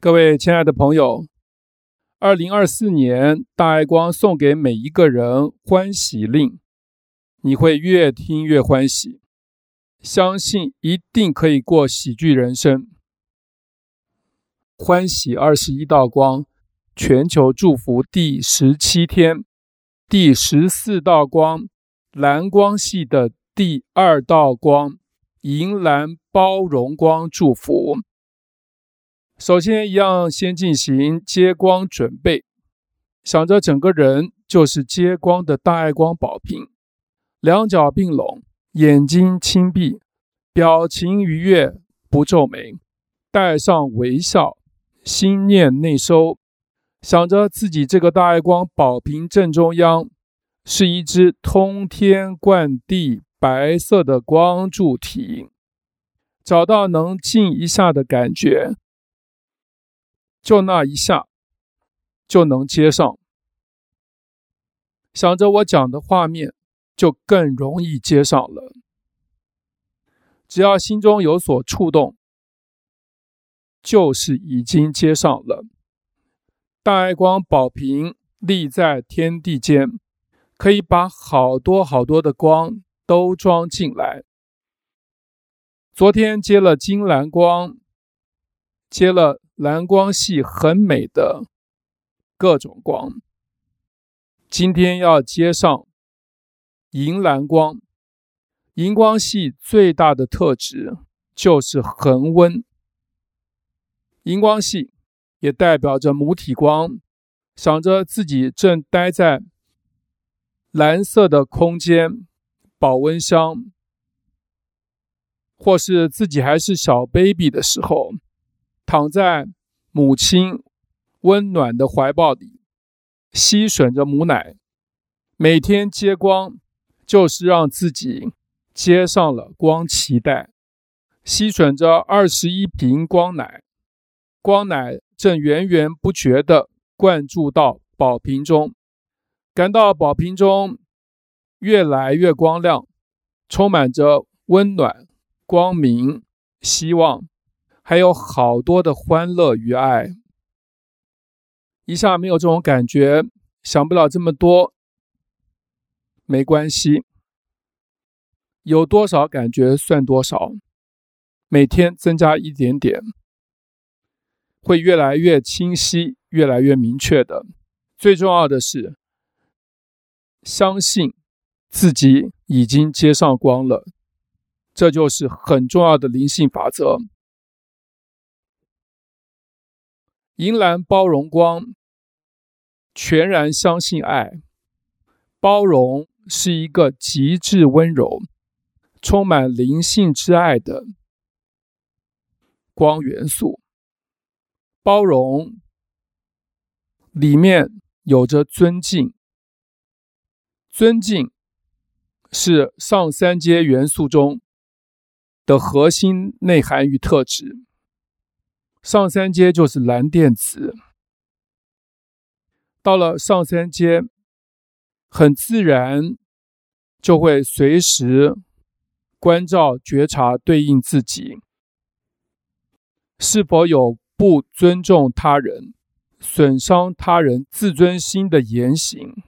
各位親愛的朋友，二零二四年大愛光送給每一個人歡喜令，你會越聽越歡喜，相信一定可以過喜劇人生。歡喜二十一道光，全球祝福第十七天，第十四道光，藍光系的第二道光，銀藍包容光祝福。首先，一樣先進行接光準備，想着整個人就是接光的大愛光寶瓶，兩腳併攏，眼睛輕閉，表情愉悅，不皺眉，帶上微笑，心念內收，想着自己這個大愛光寶瓶正中央是一隻通天貫地白色的光柱體，找到能靜一下的感覺。就那一下就能接上，想着我講的畫面就更容易接上了。只要心中有所觸動，就是已經接上了。大愛光寶瓶立在天地間，可以把好多好多的光都裝進來。昨天接了金藍光，接了。藍光系很美的各種光，今天要接上銀藍光。銀光系最大的特質就是恆溫。銀光系也代表着母體光，想着自己正待在藍色的空間保溫箱，或是自己還是小 baby 的時候。躺在母親溫暖的懷抱裡，吸吮着母奶，每天接光就是讓自己接上了光臍帶，吸吮着二十一瓶光奶，光奶正源源不絕地灌注到寶瓶中，感到寶瓶中越來越光亮，充滿着溫暖、光明、希望。還有好多的歡樂與愛，一下沒有這種感覺，想不了這麼多，沒關係，有多少感覺算多少，每天增加一點點，會越來越清晰，越來越明確的。最重要的是，相信自己已經接上光了，這就是很重要的靈性法則。銀藍包容光，全然相信愛。包容是一個極致溫柔、充滿靈性之愛的光元素。包容裡面有着尊敬。尊敬是上三階元素中的核心內涵與特質。上三階就是藍電子。到了上三階，很自然就會隨時關照、覺察對應自己是否有不尊重他人、損傷他人自尊心的言行。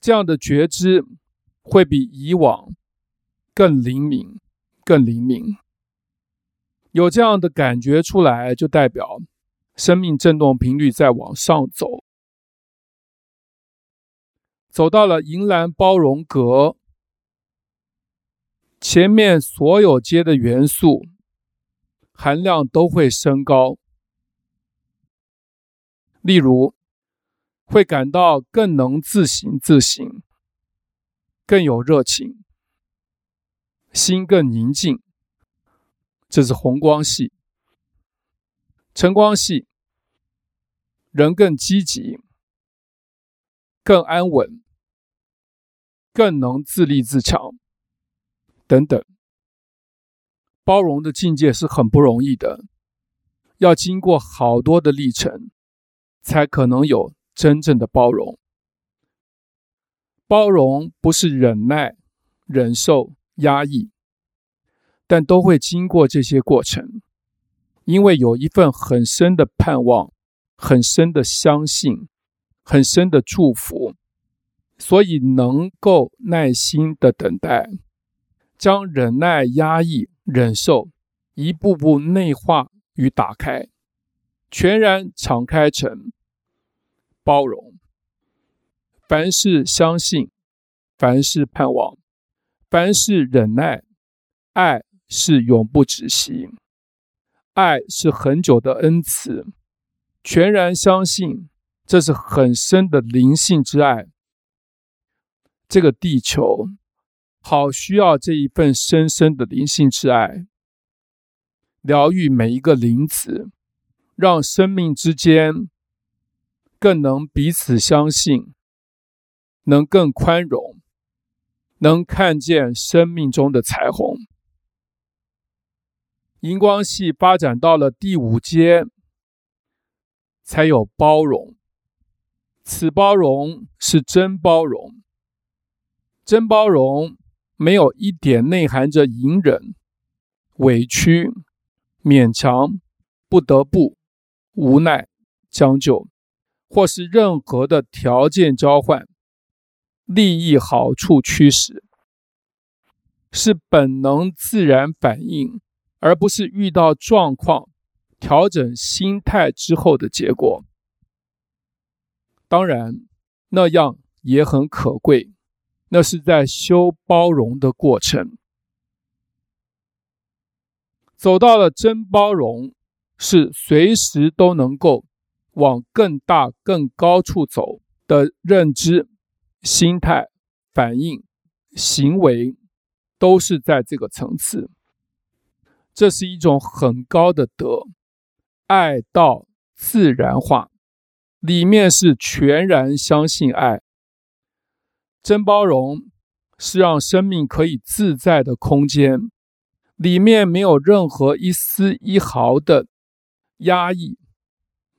這樣的覺知會比以往更靈敏、更靈敏。有這樣的感覺出來，就代表生命振動頻率在往上走，走到了銀藍包容光，前面所有階的元素含量都會升高，例如會感到更能自行自省，更有熱情，心更寧靜。這是紅光系、橙光系，人更積極、更安穩、更能自立自強，等等。包容的境界是很不容易的，要經過好多的歷程，才可能有真正的包容。包容不是忍耐、忍受、壓抑。但都會經過這些過程，因為有一份很深的盼望，很深的相信，很深的祝福，所以能夠耐心的等待，將忍耐、壓抑、忍受一步步內化與打開，全然敞開成包容。凡事相信，凡事盼望，凡事忍耐，愛。是永不止息，愛是恆久的恩賜，全然相信這是很深的靈性之愛。這個地球好需要這一份深深的靈性之愛，療癒每一個靈子，讓生命之間更能彼此相信，能更寬容，能看見生命中的彩虹。熒光系發展到了第五階，才有包容。此包容是真包容，真包容沒有一點內含着隱忍、委屈、勉強、不得不、無奈、將就，或是任何的條件交換、利益好處驅使，是本能自然反應。而不是遇到狀況，調整心態之後的結果。當然，那樣也很可貴，那是在修包容的過程。走到了真包容，是隨時都能夠往更大更高處走的認知、心態、反應、行為，都是在這個層次。這是一種很高的德，愛到自然化，裡面是全然相信愛，真包容，是讓生命可以自在的空間，裡面沒有任何一絲一毫的壓抑、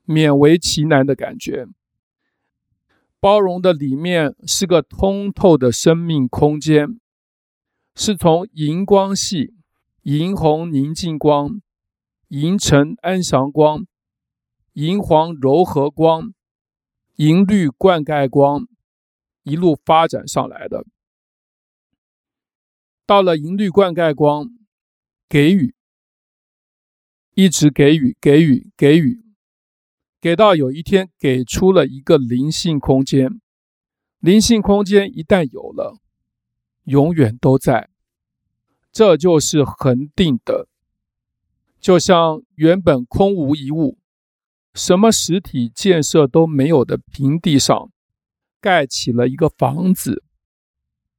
勉為其難的感覺。包容的裡面是個通透的生命空間，是從熒光系、銀紅寧靜光，銀橙安詳光，銀黃柔和光，銀綠灌溉光，一路發展上來的。到了銀綠灌溉光，給予，一直給予，給予，給予，給予，給到有一天給出了一個靈性空間。靈性空間一旦有了，永遠都在。這就是恆定的，就像原本空無一物、什麼實體建設都沒有的平地上，蓋起了一個房子，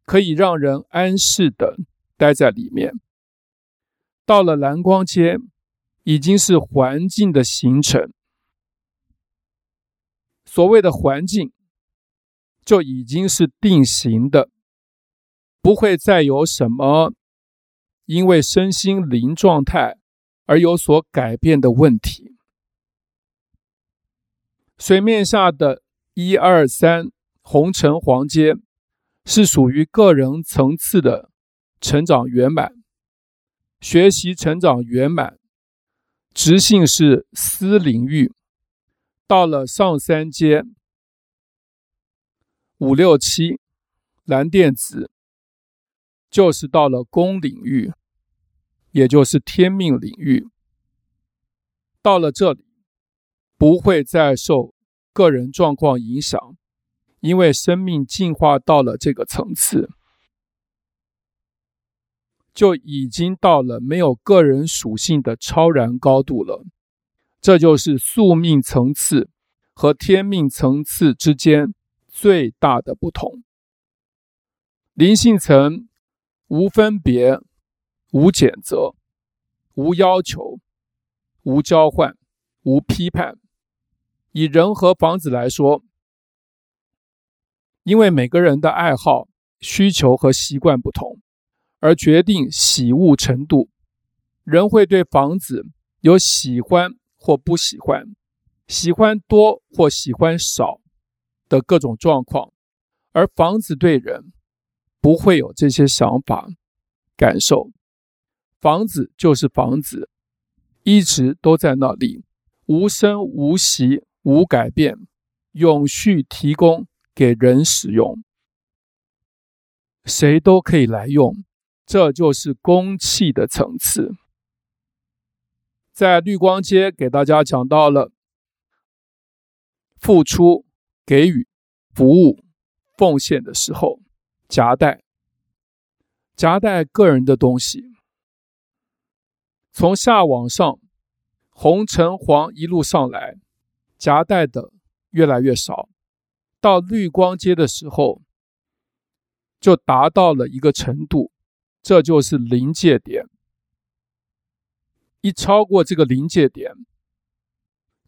可以讓人安適的待在裡面。到了藍光街，已經是環境的形成，所謂的環境就已經是定型的，不會再有什麼。因為身心靈狀態而有所改變的問題。水面下的一二三紅橙黃階是屬於個人層次的成長圓滿，學習成長圓滿，直性是私領域。到了上三階五六七藍靛紫，就是到了公領域。也就是天命領域，到了這裡，不會再受個人狀況影響，因為生命進化到了這個層次，就已經到了沒有個人屬性的超然高度了。這就是宿命層次和天命層次之間最大的不同。靈性層無分別。無譴責，無要求，無交換，無批判。以人和房子來說，因為每個人的愛好、需求和習慣不同，而決定喜惡程度。人會對房子有喜歡或不喜歡，喜歡多或喜歡少的各種狀況，而房子對人不會有這些想法、感受。房子就是房子，一直都在那裡，無聲無息無改變，永續提供給人使用，誰都可以來用。這就是公器的層次。在綠光街給大家講到了付出、給予、服務、奉獻的時候，夾帶夾帶個人的東西。從下往上，紅、橙、黃一路上來，夾帶的越來越少。到綠光階的時候，就達到了一個程度，這就是臨界點。一超過這個臨界點，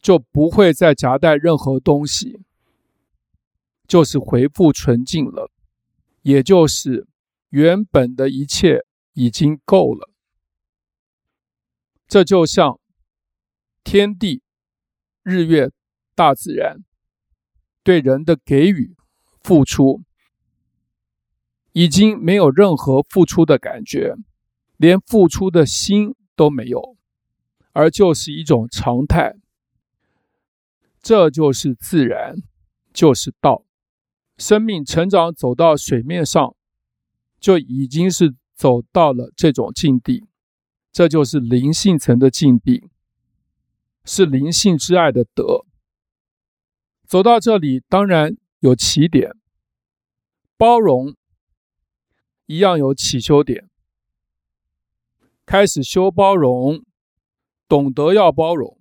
就不會再夾帶任何東西，就是回復純淨了，也就是原本的一切已經夠了。這就像天地、日月、大自然對人的給予、付出，已經沒有任何付出的感覺，連付出的心都沒有，而就是一種常態。這就是自然，就是道。生命成長走到水面上，就已經是走到了這種境地。這就是靈性層的境地，是靈性之愛的德。走到這裡，當然有起點，包容一樣有起修點，開始修包容，懂得要包容，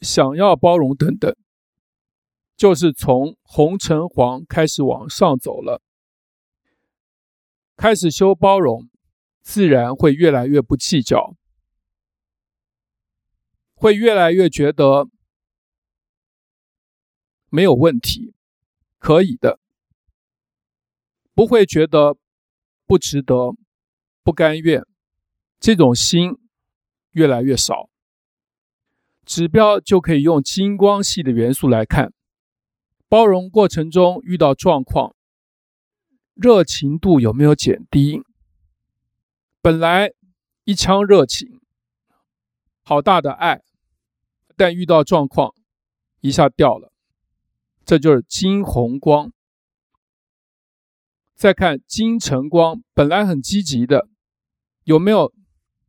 想要包容等等，就是從紅橙黃開始往上走了，開始修包容。自然會越來越不計較，會越來越覺得沒有問題，可以的，不會覺得不值得、不甘願，這種心越來越少。指標就可以用金光系的元素來看，包容過程中遇到狀況，熱情度有沒有減低？本來一腔熱情，好大的愛，但遇到狀況，一下掉了，這就是金紅光。再看金橙光，本來很積極的，有沒有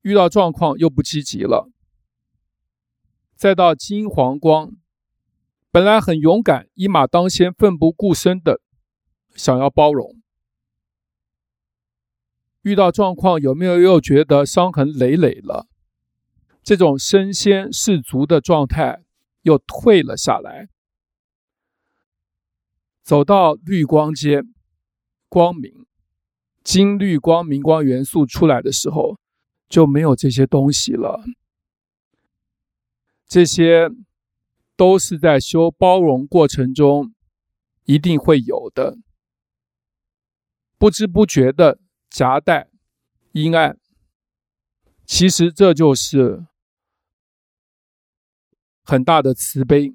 遇到狀況又不積極了？再到金黃光，本來很勇敢，一馬當先、奮不顧身的，想要包容。遇到狀況，有沒有又覺得傷痕累累了？這種身先士卒的狀態又退了下來。走到綠光街，光明，金綠光明光元素出來的時候，就沒有這些東西了。這些都是在修包容過程中一定會有的，不知不覺的。夾帶陰暗，其實這就是很大的慈悲，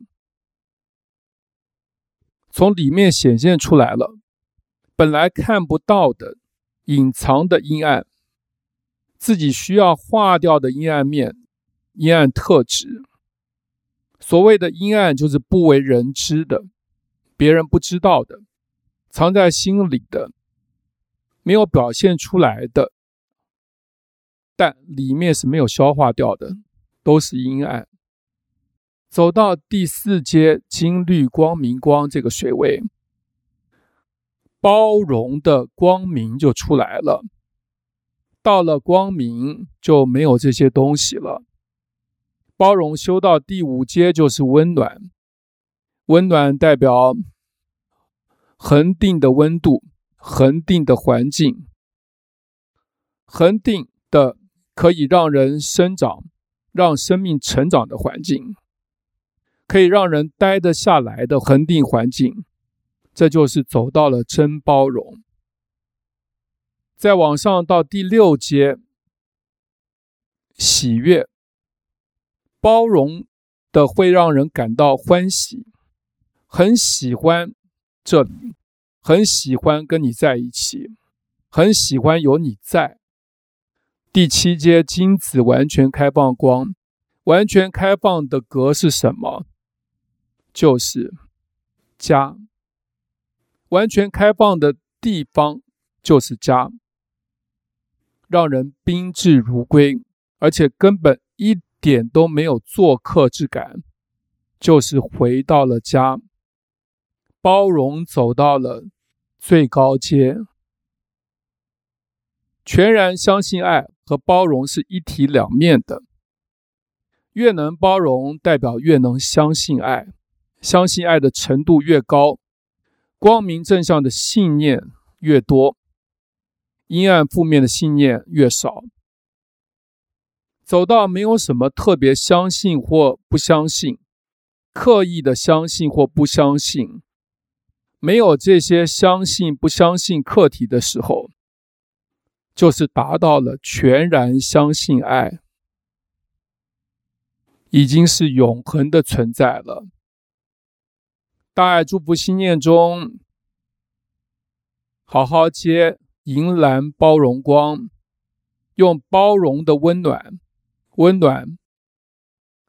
從裡面顯現出來了，本來看不到的、隱藏的陰暗，自己需要化掉的陰暗面、陰暗特質。所謂的陰暗，就是不為人知的、別人不知道的、藏在心裡的。沒有表現出來的，但裡面是沒有消化掉的，都是陰暗。走到第四階，金綠光明光這個水位，包容的光明就出來了。到了光明，就沒有這些東西了。包容修到第五階，就是溫暖，溫暖代表恆定的溫度。恆定的環境，恆定的可以讓人生長、讓生命成長的環境，可以讓人待得下來的恆定環境，這就是走到了真包容。再往上到第六階，喜悅，包容的會讓人感到歡喜，很喜歡這裡。很喜歡跟你在一起，很喜歡有你在。第七階金子完全開放光，完全開放的格是什麼？就是家。完全開放的地方就是家，讓人賓至如歸，而且根本一點都沒有做客之感，就是回到了家，包容走到了。最高階，全然相信愛和包容是一體兩面的。越能包容，代表越能相信愛。相信愛的程度越高，光明正向的信念越多，陰暗負面的信念越少。走到沒有什麼特別相信或不相信，刻意的相信或不相信。沒有這些相信不相信課題的時候，就是達到了全然相信愛，已經是永恆的存在了。大愛祝福心念中，好好接，銀藍包容光，用包容的溫暖，溫暖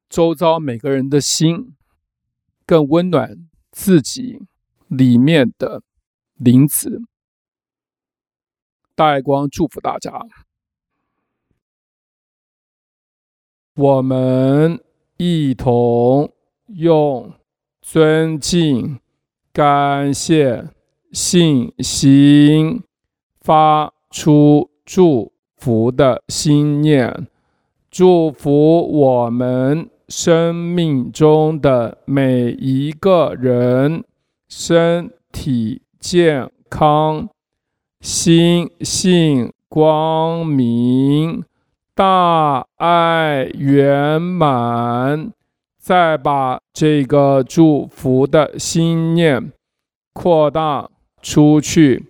周遭每個人的心，更溫暖自己。裡面的靈子，帶光祝福大家。我們一同用尊敬、感謝、信心，發出祝福的心念，祝福我們生命中的每一個人。身體健康，心性光明，大愛圓滿。再把這個祝福的心念擴大出去，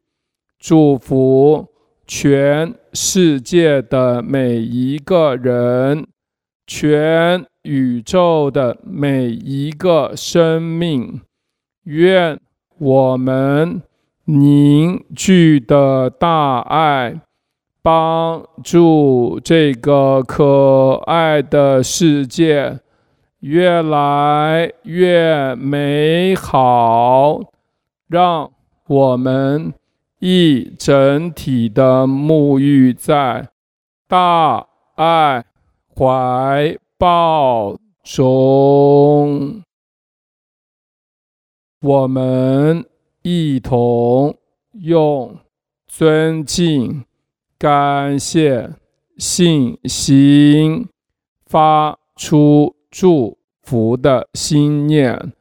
祝福全世界的每一個人，全宇宙的每一個生命。願我們凝聚的大愛，幫助這個可愛的世界越來越美好，讓我們一整體的沐浴在大愛懷抱中。我們一同用尊敬、感謝、信心，發出祝福的心念，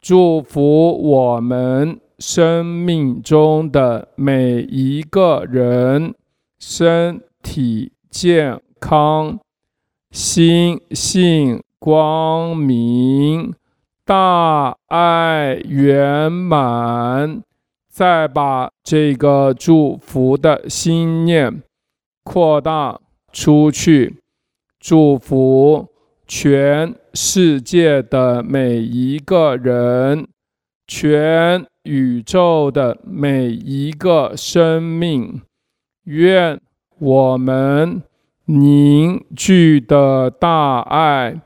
祝福我們生命中的每一個人身體健康，心性光明。大愛圓滿，再把這個祝福的心念擴大出去，祝福全世界的每一個人，全宇宙的每一個生命。願我們凝聚的大愛。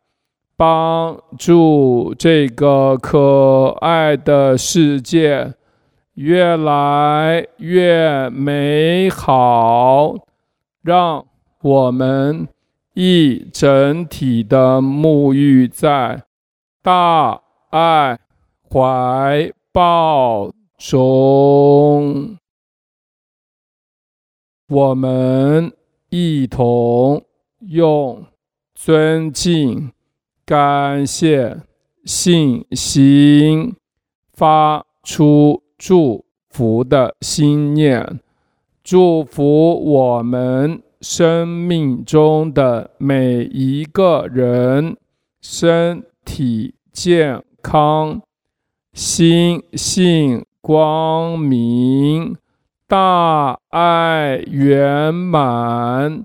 幫助這個可愛的世界越來越美好，讓我們一整體的沐浴在大愛懷抱中。我們一同用尊敬、感謝信心發出祝福的心念，祝福我們生命中的每一個人，身體健康、心性光明、大愛圓滿。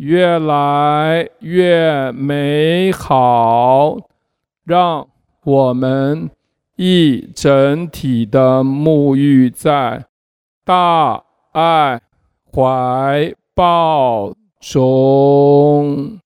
越來越美好，讓我們一整體的沐浴在大愛懷抱中。